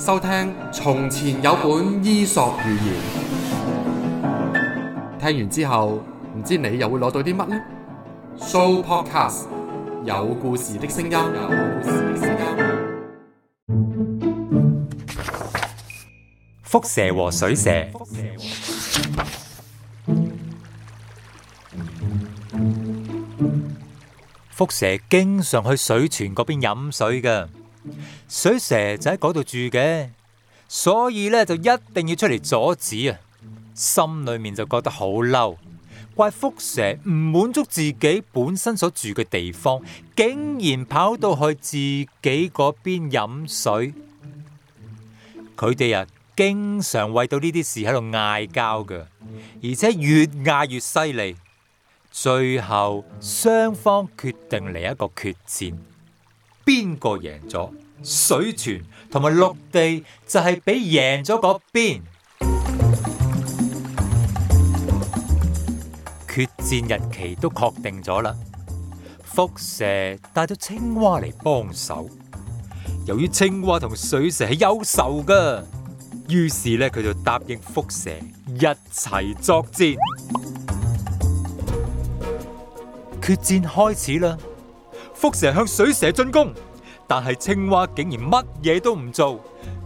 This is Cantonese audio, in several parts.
收聽從前有本伊索寓言，聽完之後唔知你又會攞到啲乜呢？Sooopodcast 有故事的聲音。有故事的聲音。蝮蛇和水蛇，蝮蛇經常去水泉嗰邊飲水嘅。水蛇就喺嗰度住嘅，所以咧就一定要出嚟阻止啊！心裏面就覺得好嬲，怪蝮蛇唔滿足自己本身所住嘅地方，竟然跑到去自己嗰邊飲水。佢哋啊，經常為到呢啲事喺度嗌交嘅，而且越嗌越犀利，最後雙方決定嚟一個決戰，邊個贏咗？水蛇同埋陸地就係俾贏咗嗰邊，決戰日期都確定咗啦。蝮蛇帶咗青蛙嚟幫手，由於青蛙同水蛇係有仇噶，於是咧佢就答應蝮蛇一齊作戰。決戰開始啦！蝮蛇向水蛇進攻。但係青蛙竟然乜嘢都唔做，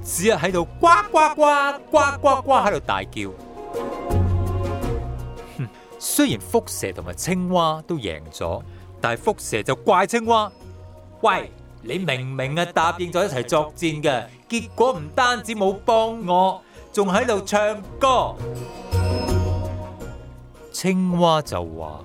只係喺度呱呱呱呱呱呱喺度大叫。雖然蝮蛇同埋青蛙都贏咗，但係蝮蛇就怪青蛙。喂，你明明啊答應咗一齊作戰嘅，結果唔單止冇幫我，仲喺度唱歌。青蛙就話。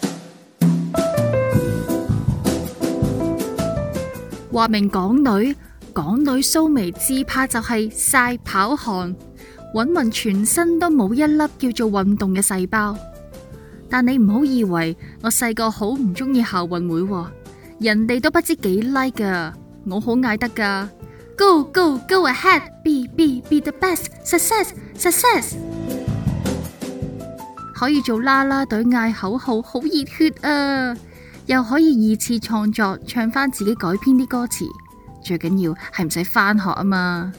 話明港女，港女修眉至怕就係晒跑汗，搵問全身都冇一粒叫做運動嘅細胞。但你唔好以為我細個好唔中意校運會、哦，人哋都不知幾 like 噶，我好嗌得噶。Go go go ahead，be be be the best，success success, success。可以做啦啦隊嗌口號，好熱血啊！又可以二次創作唱翻自己改編啲歌詞，最緊要係唔使返學啊嘛！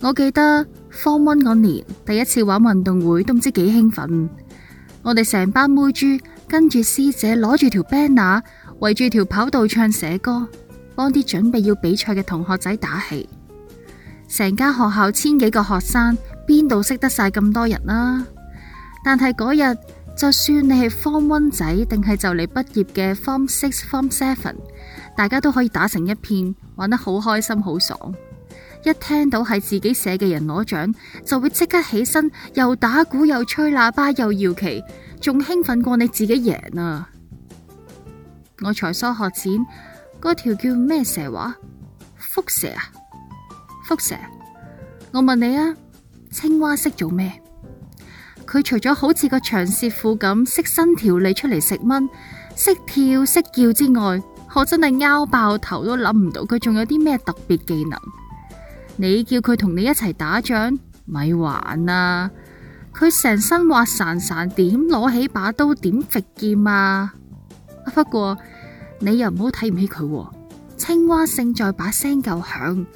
我記得 form one 嗰年第一次玩運動會都唔知幾興奮，我哋成班妹豬跟住師姐攞住條 banner 圍住條跑道唱社歌，幫啲準備要比賽嘅同學仔打氣。成間學校千幾個學生邊度識得晒咁多人啦？啊？但係嗰日。就算你係 Form One 仔，定係就嚟畢業嘅 Form Six、Form Seven，大家都可以打成一片，玩得好開心、好爽。一聽到係自己社嘅人攞獎，就會即刻起身，又打鼓、又吹喇叭、又搖旗，仲興奮過你自己贏啊！我才疏學淺，嗰條叫咩蛇話？蝮蛇啊，蝮蛇。我問你啊，青蛙識做咩？佢除咗好似個長舌婦咁識伸條脷出嚟食蚊，識跳識叫之外，我真係拗爆頭都諗唔到佢仲有啲咩特別技能。你叫佢同你一齊打仗咪玩啦！佢成身滑潺潺，點攞起把刀點劈劍啊，啊？不過你又唔好睇唔起佢，哦，青蛙勝在把聲夠響，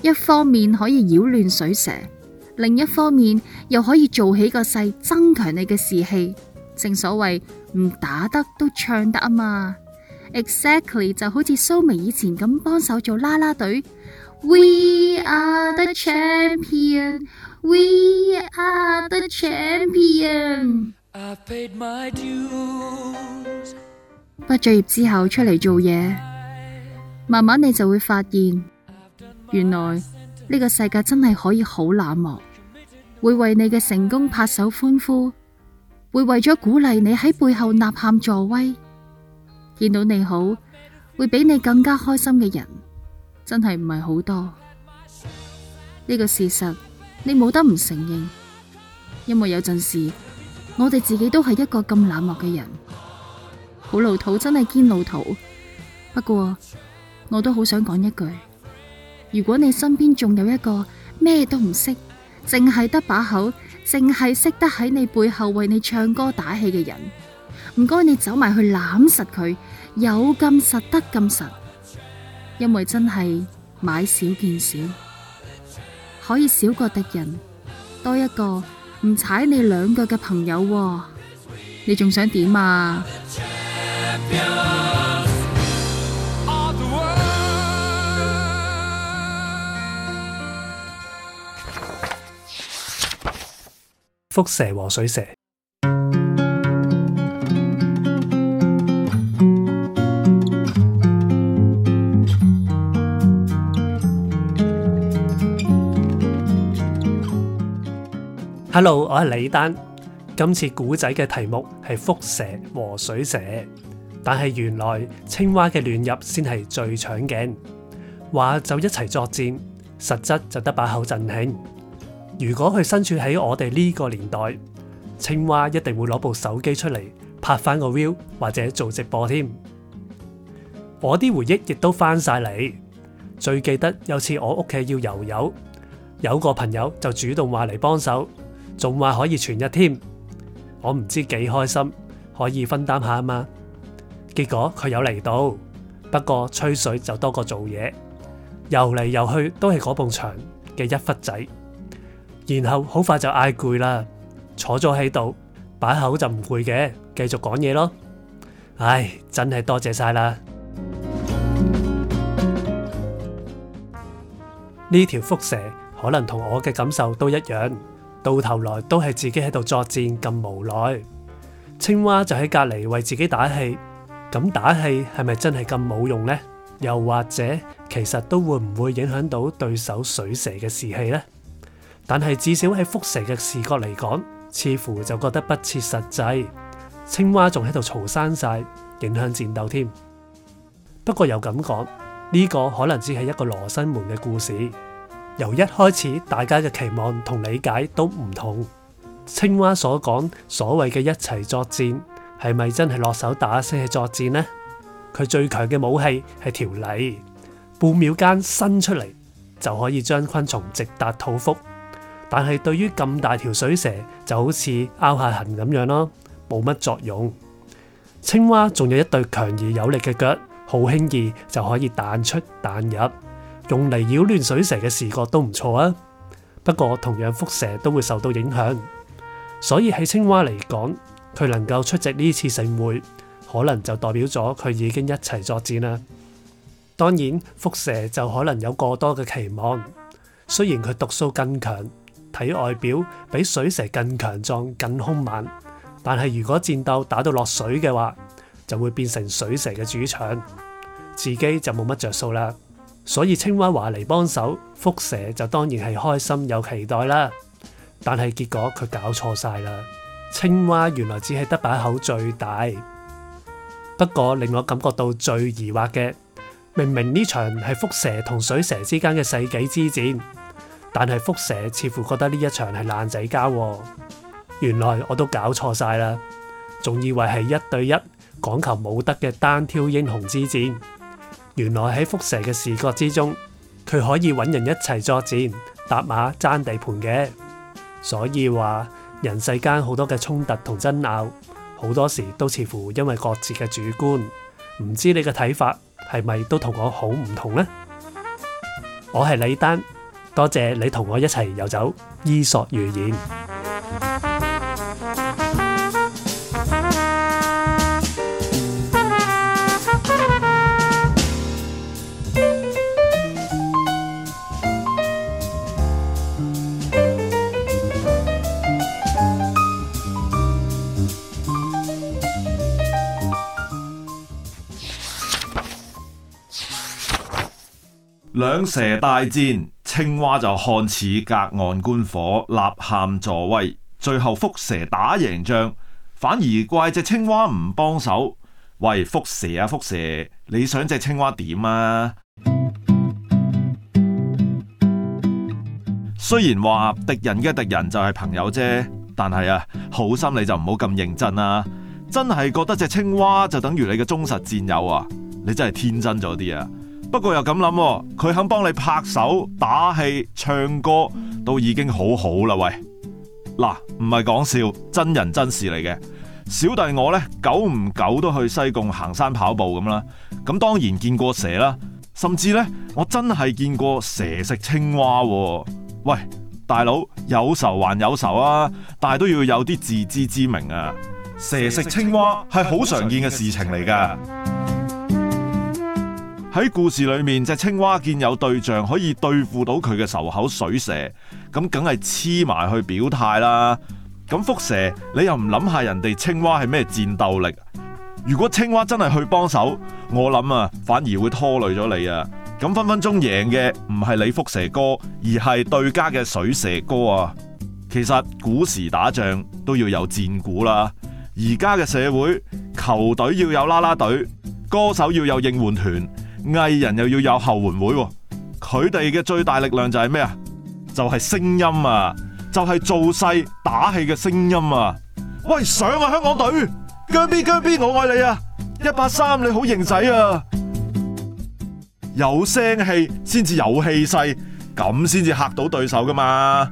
一方面可以擾亂水蛇。另一方面，又可以做起個勢，增強你嘅士氣。正所謂唔打得都唱得啊嘛。Exactly 就好似蘇眉以前咁，幫手做啦啦隊。We, we are the champion, are the champion we are the champion。I paid my dues。畢咗業之後出嚟做嘢，慢慢你就會發現，原來。呢個世界真係可以好冷漠，會為你嘅成功拍手歡呼，會為咗鼓勵你喺背後吶喊助威，見到你好會比你更加開心嘅人，真係唔係好多。呢個事實你冇得唔承認，因為有陣時我哋自己都係一個咁冷漠嘅人，好老土真係堅老土。不過我都好想講一句。如果你身邊仲有一個咩都唔識，淨係得把口，淨係識得喺你背後為你唱歌打氣嘅人，唔該你走埋去攬實佢，有咁實得咁實，因為真係買少見少，可以少個敵人，多一個唔踩你兩腳嘅朋友，你仲想點啊？蝮蛇和水蛇。Hello，我係李丹。今次古仔嘅題目係蝮蛇和水蛇，但係原來青蛙嘅亂入先係最搶鏡。話就一齊作戰，實質就得把口震興。如果佢身處喺我哋呢個年代，青蛙一定會攞部手機出嚟，拍翻個 view 或者做直播添。我啲回憶亦都翻晒嚟，最記得有次我屋企要游游，有個朋友就主動話嚟幫手，仲話可以全日添。我唔知幾開心，可以分擔下啊嘛。結果佢有嚟到，不過吹水就多過做嘢，游嚟游去都係嗰埲牆嘅一忽仔。然後好快就嗌攰啦，坐咗喺度，擺口就唔攰嘅，繼續講嘢咯。唉，真係多謝晒啦！呢條蝮蛇可能同我嘅感受都一樣，到頭來都係自己喺度作戰咁無奈。青蛙就喺隔籬為自己打氣，咁打氣係咪真係咁冇用呢？又或者其實都會唔會影響到對手水蛇嘅士氣呢？但係至少喺蝮蛇嘅視覺嚟講，似乎就覺得不切實際。青蛙仲喺度嘈生晒，影響戰鬥添。不過又咁講，呢個可能只係一個羅生門嘅故事。由一開始大家嘅期望同理解都唔同。青蛙所講所謂嘅一齊作戰係咪真係落手打先係作戰呢？佢最強嘅武器係條脷，半秒間伸出嚟就可以將昆蟲直達肚腹。但係對於咁大條水蛇，就好似拗下痕咁樣咯，冇乜作用。青蛙仲有一對強而有力嘅腳，好輕易就可以彈出彈入，用嚟擾亂水蛇嘅視覺都唔錯啊。不過同樣，蝮蛇都會受到影響，所以喺青蛙嚟講，佢能夠出席呢次盛會，可能就代表咗佢已經一齊作戰啦。當然，蝮蛇就可能有過多嘅期望，雖然佢毒素更強。睇外表，比水蛇更強壯、更兇猛。但係如果戰鬥打到落水嘅話，就會變成水蛇嘅主場，自己就冇乜着數啦。所以青蛙話嚟幫手，蝮蛇就當然係開心又期待啦。但係結果佢搞錯晒啦，青蛙原來只係得把口最大。不過令我感覺到最疑惑嘅，明明呢場係蝮蛇同水蛇之間嘅世紀之戰。但係蝮蛇似乎覺得呢一場係爛仔交，原來我都搞錯晒啦，仲以為係一對一講求武德嘅單挑英雄之戰。原來喺蝮蛇嘅視覺之中，佢可以揾人一齊作戰、搭馬爭地盤嘅。所以話人世間好多嘅衝突同爭拗，好多時都似乎因為各自嘅主觀。唔知你嘅睇法係咪都同我好唔同呢？我係李丹。多謝你同我一齊遊走伊索寓言。兩蛇大戰。青蛙就看似隔岸觀火、吶喊助威，最後蝮蛇打贏仗，反而怪隻青蛙唔幫手。喂，蝮蛇啊，蝮蛇！你想隻青蛙點啊？雖然話敵人嘅敵人就係朋友啫，但係啊，好心你就唔好咁認真啦，啊。真係覺得隻青蛙就等於你嘅忠實戰友啊，你真係天真咗啲啊！不過又咁諗，佢肯幫你拍手、打氣、唱歌，都已經好好啦喂。嗱，啊，唔係講笑，真人真事嚟嘅。小弟我呢，久唔久都去西貢行山跑步咁啦。咁當然見過蛇啦，甚至呢，我真係見過蛇食青蛙，啊。喂，大佬有仇還有仇啊，但係都要有啲自知之明啊。蛇食青蛙係好常見嘅事情嚟噶。.喺故事裏面，隻青蛙見有對象可以對付到佢嘅仇口水蛇，咁梗係黐埋去表態啦。咁蝮蛇你又唔諗下人哋青蛙係咩戰鬥力？如果青蛙真係去幫手，我諗啊，反而會拖累咗你啊。咁分分鐘贏嘅唔係你蝮蛇哥，而係對家嘅水蛇哥啊。其實古時打仗都要有戰鼓啦，而家嘅社會球隊要有啦啦隊，歌手要有應援團。藝人又要有後援會、啊，佢哋嘅最大力量就係咩啊？就係、是、聲音啊，就係造勢打氣嘅聲音啊！喂，上啊，香港隊，薑邊薑邊，我愛你啊！一八三你好型仔啊！有聲氣先至有氣勢，咁先至嚇到對手噶嘛？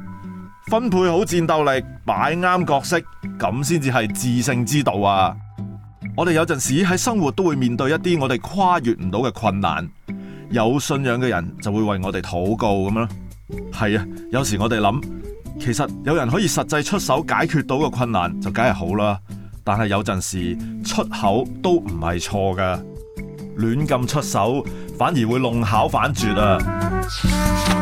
分配好戰鬥力，擺啱角色，咁先至係致勝之道啊！我哋有陣時喺生活都會面對一啲我哋跨越唔到嘅困難，有信仰嘅人就會為我哋禱告咁樣。係啊，有時我哋諗，其實有人可以實際出手解決到嘅困難就梗係好啦。但係有陣時出口都唔係錯噶，亂咁出手反而會弄巧反拙啊。